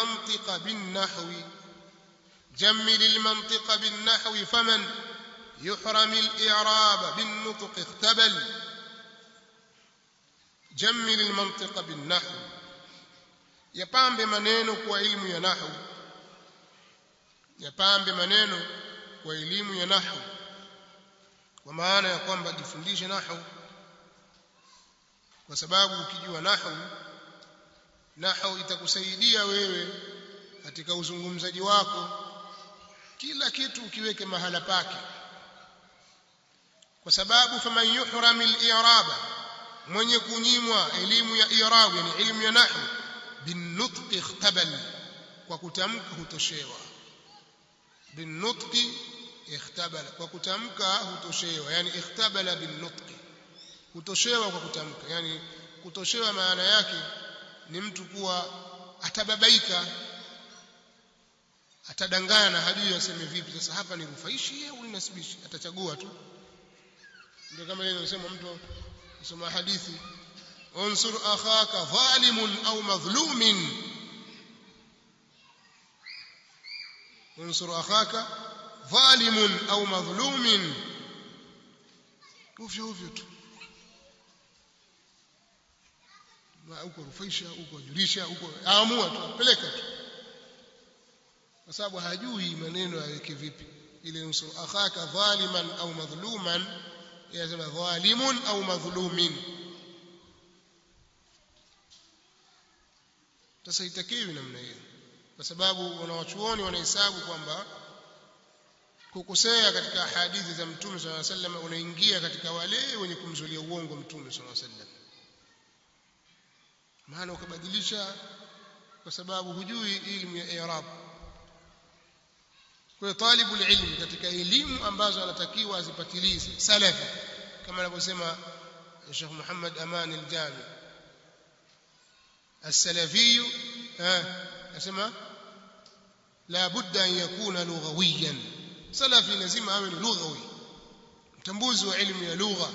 المنطق بالنحو جمل المنطق بالنحو فمن يحرم الإعراب بالنطق اختبل جمل المنطق بالنحو يبام بمنينو كوإلم ينحو يبام بمنينو كوإلم ينحو وما أنا يقوم بجفنديش نحو وسبابه كجوا نحو, وسبابو كجو نحو nahau itakusaidia wewe katika uzungumzaji wako kila kitu ukiweke mahala pake kwa sababu faman yuhram al-i'raba mwenye kunyimwa elimu ya i'rab yani elimu ya nahwu binutqi ikhtabal kwa kutamka hutoshewa binutqi ikhtabal kwa kutamka hutoshewa yani ikhtabala binutqi hutoshewa kwa kutamka yani kutoshewa maana yake ni mtu kuwa atababaika atadangana hajui aseme vipi sasa hapa ni rufaishi au ni nasibishi atachagua tu ndio kama ile inasema mtu soma hadithi unsur akhaka zalimun au madhlumin unsur akhaka zalimun au madhlumin ovyo ovyo tu huko rufaisha huko julisha huko aamua tu apeleka tu kwa sababu hajui maneno yaweke vipi ile nusu akhaka dhaliman au madhluman yasema dhalimun au madhlumin sasa itakiwi namna hiyo kwa sababu wanawachuoni wanahesabu kwamba kukosea katika hadithi za mtume sallallahu alaihi wasallam unaingia katika wale wenye kumzulia uongo mtume sallallahu alaihi wasallam maana ukabadilisha kwa sababu hujui ilmu ya i'rab kwa hiyo talibu ilmi katika elimu ambazo anatakiwa azipatilize salafi kama anavyosema Sheikh Muhammad Aman al-Jami السلفي eh, la budda بد ان يكون لغويا سلفي لازم awe لغوي mtambuzi wa ilmu ya lugha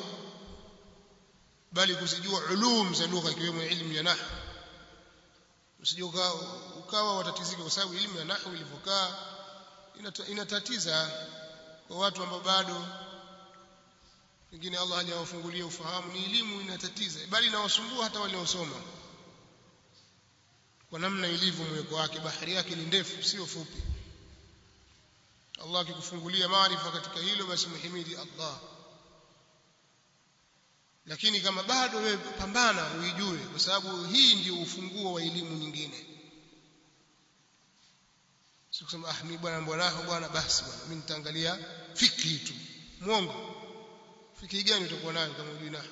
bali kuzijua ulum za lugha ikiwemo ilmu ya nahwu usijua ukawa watatizika kwa sababu ilmu ya nahwu ilivyokaa inatatiza kwa watu ambao bado pengine Allah hajawafungulia ufahamu ni elimu inatatiza bali inawasumbua hata waliosoma kwa namna ilivyo mweko wake bahari yake ni ndefu sio fupi Allah akikufungulia maarifa katika hilo basi muhimidi Allah lakini kama bado wewe pambana uijue kwa sababu hii ndio ufunguo wa elimu nyingine sikusema ah mimi bwana mbwanaho bwana basi bwana mimi nitaangalia fiki tu mwongo fikhi gani utakuwa nayo kama ujui naho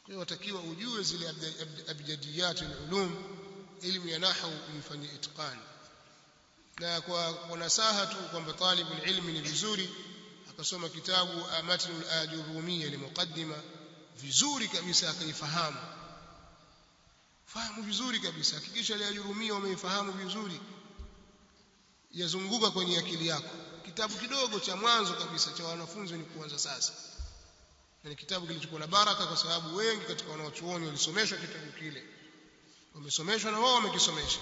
kwa hiyo watakiwa ujue zile abjadiyat ulum elimu ya nahwu uifanyie itqan na kwa nasaha tu kwamba talibul ilmi ni vizuri kasoma kitabu amatnul ajurumia muqaddima vizuri kabisa akaifahamu fahamu vizuri kabisa hakikisha ile ajurumia umeifahamu vizuri yazunguka kwenye akili yako kitabu kidogo cha mwanzo kabisa cha wanafunzi ni kuanza sasa na ni kitabu kilichokuwa na baraka kwa sababu wengi katika wanaochuoni walisomeshwa kitabu kile wamesomeshwa na wao wamekisomesha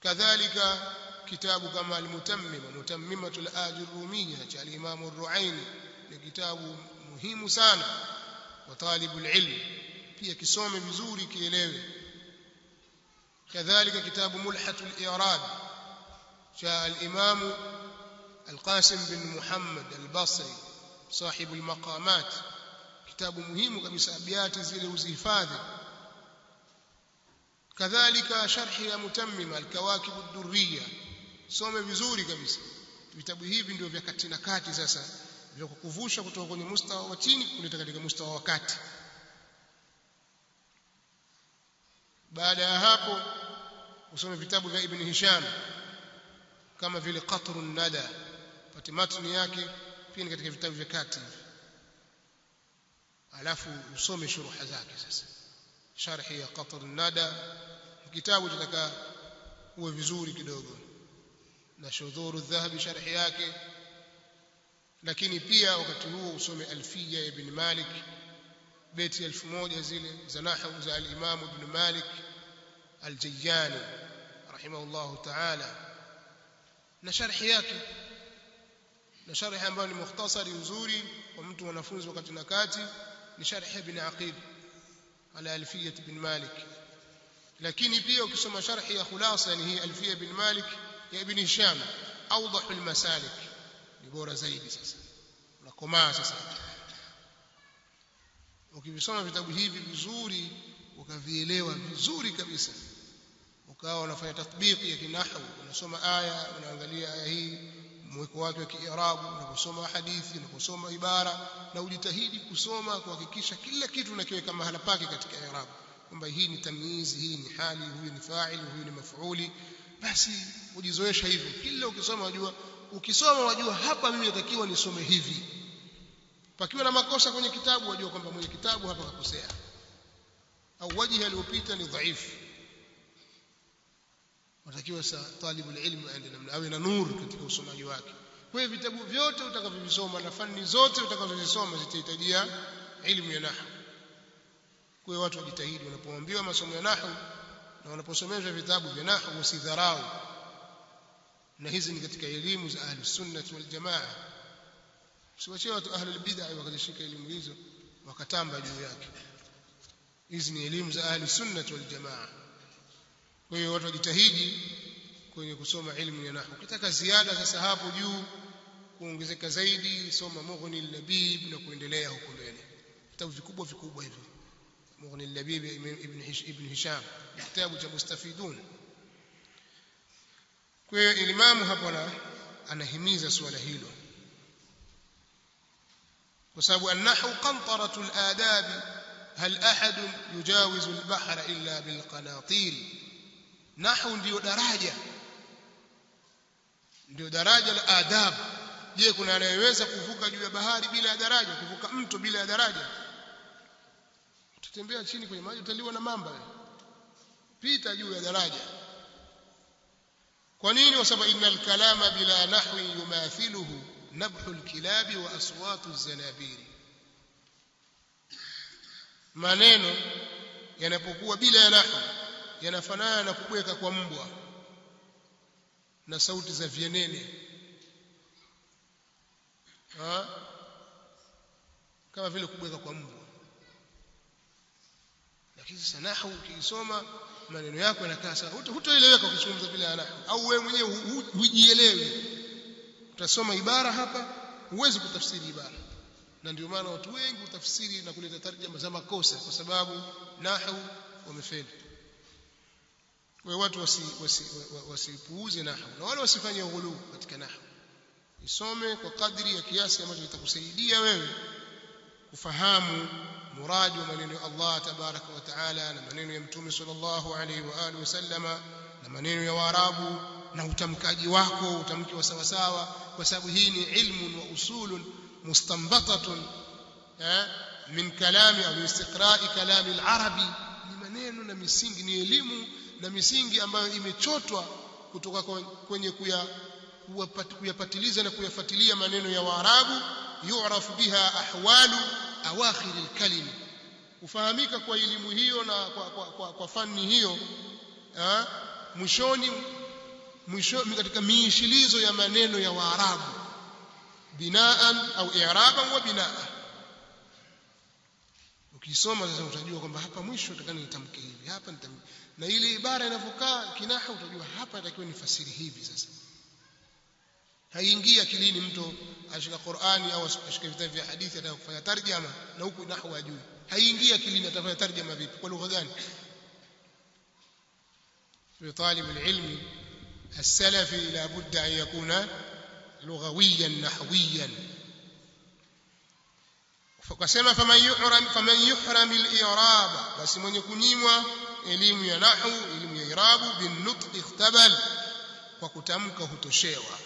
kadhalika كتاب كما المتمم متممة الآج الرومية الإمام الرعين كتاب مهم سانا وطالب العلم في كسوم بزوري كيليوي كذلك كتاب ملحة الإعراب جاء الإمام القاسم بن محمد البصري صاحب المقامات كتاب مهم كمسابيات زيل وزيفاذ كذلك شرح متمم الكواكب الدريه some vizuri kabisa vitabu hivi ndio vya kati na kati sasa vya kukuvusha kutoka kwenye mustawa wa chini kuleta katika mustawa wa kati baada ya hapo usome vitabu vya ibn Hisham kama vile Qatrun Nada pati matni yake pia ni katika vitabu vya kati alafu usome shuruha zake sasa sharhi ya Qatrun Nada kitabu kitaka uwe vizuri kidogo na shudhuru dhahabi sharh yake lakini pia wakati huo usome alfiya ibn malik beti 1000 zile za nahwu za al-imam ibn malik al-jayani rahimahullahu ta'ala na sharh yake na sharh ambayo ni mukhtasari nzuri kwa mtu mwanafunzi wakati na kati ni sharh ibn aqib ala alfiya ibn malik lakini pia ukisoma sharh ya khulasa ni hii alfiya ibn malik ya ibn Hisham awdahu masalik ni bora zaidi sasa unakomaa sasa ukivisoma vitabu hivi vizuri ukavielewa vizuri kabisa ukawa unafanya tatbiki ya kinahwu unasoma aya unaangalia aya hii mweko wake wa kiarabu unaposoma hadithi unaposoma ibara na ujitahidi kusoma kuhakikisha kila kitu unakiweka mahala pake katika irabu kwamba hii ni tamyizi hii ni hali huyu ni faili huyu ni mafuuli basi ujizoesha hivyo kila ukisoma wajua ukisoma wajua hapa mimi natakiwa nisome hivi pakiwa na makosa kwenye kitabu wajua kwamba mwenye kitabu hapa kakosea au wajihi aliyopita ni dhaifu unatakiwa sa talibul ilmu aende namna awe na nuru katika usomaji wake kwa hiyo vitabu vyote utakavyovisoma na fani zote utakazozisoma zitahitajia ilmu ya nahwu kwa hiyo watu wajitahidi wanapoambiwa masomo ya nahwu na unaposomeshwa vitabu vya nahwu usidharau na hizi ni katika elimu za ahli sunnah wal jamaa usiwachie watu ahli bid'a wakazishika elimu hizo wakatamba juu yake hizi ni elimu za ahli sunnah wal jamaa kwa hiyo watu wajitahidi kwenye kusoma elimu ya nahwu ukitaka ziada sasa hapo juu kuongezeka zaidi soma mughni al-labib na kuendelea huko mbele vitabu vikubwa vikubwa hivyo مغني اللبيبي ابن ابن هشام kitabu cha mustafidun kwa hiyo imamu hapo na anahimiza suala hilo kwa sababu annahu qantaratul adab hal ahad yujawizu al-bahra illa bil qanatil nahwu ndio daraja ndio daraja la adab je kuna anayeweza kuvuka juu ya bahari bila daraja kuvuka mto bila daraja Ukitembea chini kwenye maji utaliwa na mamba. Pita juu ya daraja. Kwa nini? Kwa sababu innal kalama bila nahwi yumathiluhu nabhu lkilabi wa aswatu zanabiri, maneno yanapokuwa bila ya nahwi yanafanana na kubweka kwa mbwa na sauti za vienene ha? kama vile kubweka kwa mbwa lakini sasa nahwu ukiisoma maneno yako yanakaa sawa hutoeleweka ukizungumza bila ya au wewe mwenyewe hujielewi utasoma ibara hapa huwezi kutafsiri ibara na ndio maana watu wengi utafsiri na kuleta tarjama za makosa kwa sababu nahwu wamefeli kwa watu wasipuuze wasi, wasi, wasi nahwu na wale wasifanye ghuluu katika nahwu isome kwa kadri ya kiasi ambacho kitakusaidia wewe kufahamu muradi wa maneno ya Allah tabaraka wa taala na maneno ya mtume sallallahu alaihi wa alihi wasallama na maneno ya waarabu na utamkaji wako utamke wa sawa sawa kwa sababu hii ni ilmun wa usulun mustanbatatun eh min istiqra'i kalami al ni maneno na misingi ni elimu na misingi ambayo imechotwa kutoka kwenye kuya kuyapatiliza na kuyafatilia maneno ya waarabu yurafu biha ahwalu awakhir alkalim ufahamika kwa elimu hiyo na kwa, kwa, kwa, kwa fani hiyo ha? mwishoni mwisho katika miishilizo ya maneno ya waarabu binaan au i'raban wa binaa ukisoma sasa utajua kwamba hapa mwisho nataka nitamke hivi hapa nitamke na ile ibara inavyokaa kinaha utajua hapa inatakiwa nifasiri hivi sasa haingii akilini mtu ashika Qur'ani au ashika vitabu vya hadithi atakufanya tarjama na huku nahwa ajui haingii akilini atafanya tarjama vipi kwa lugha gani talib alilm السلفي لا بد أن يكون لغويا نحويا فكسما فمن يحرم فمن يحرم الإعراب بس من يكنيموا elimu ya nahwu elimu ya irabu bin nutq ikhtabal kwa kutamka hutoshewa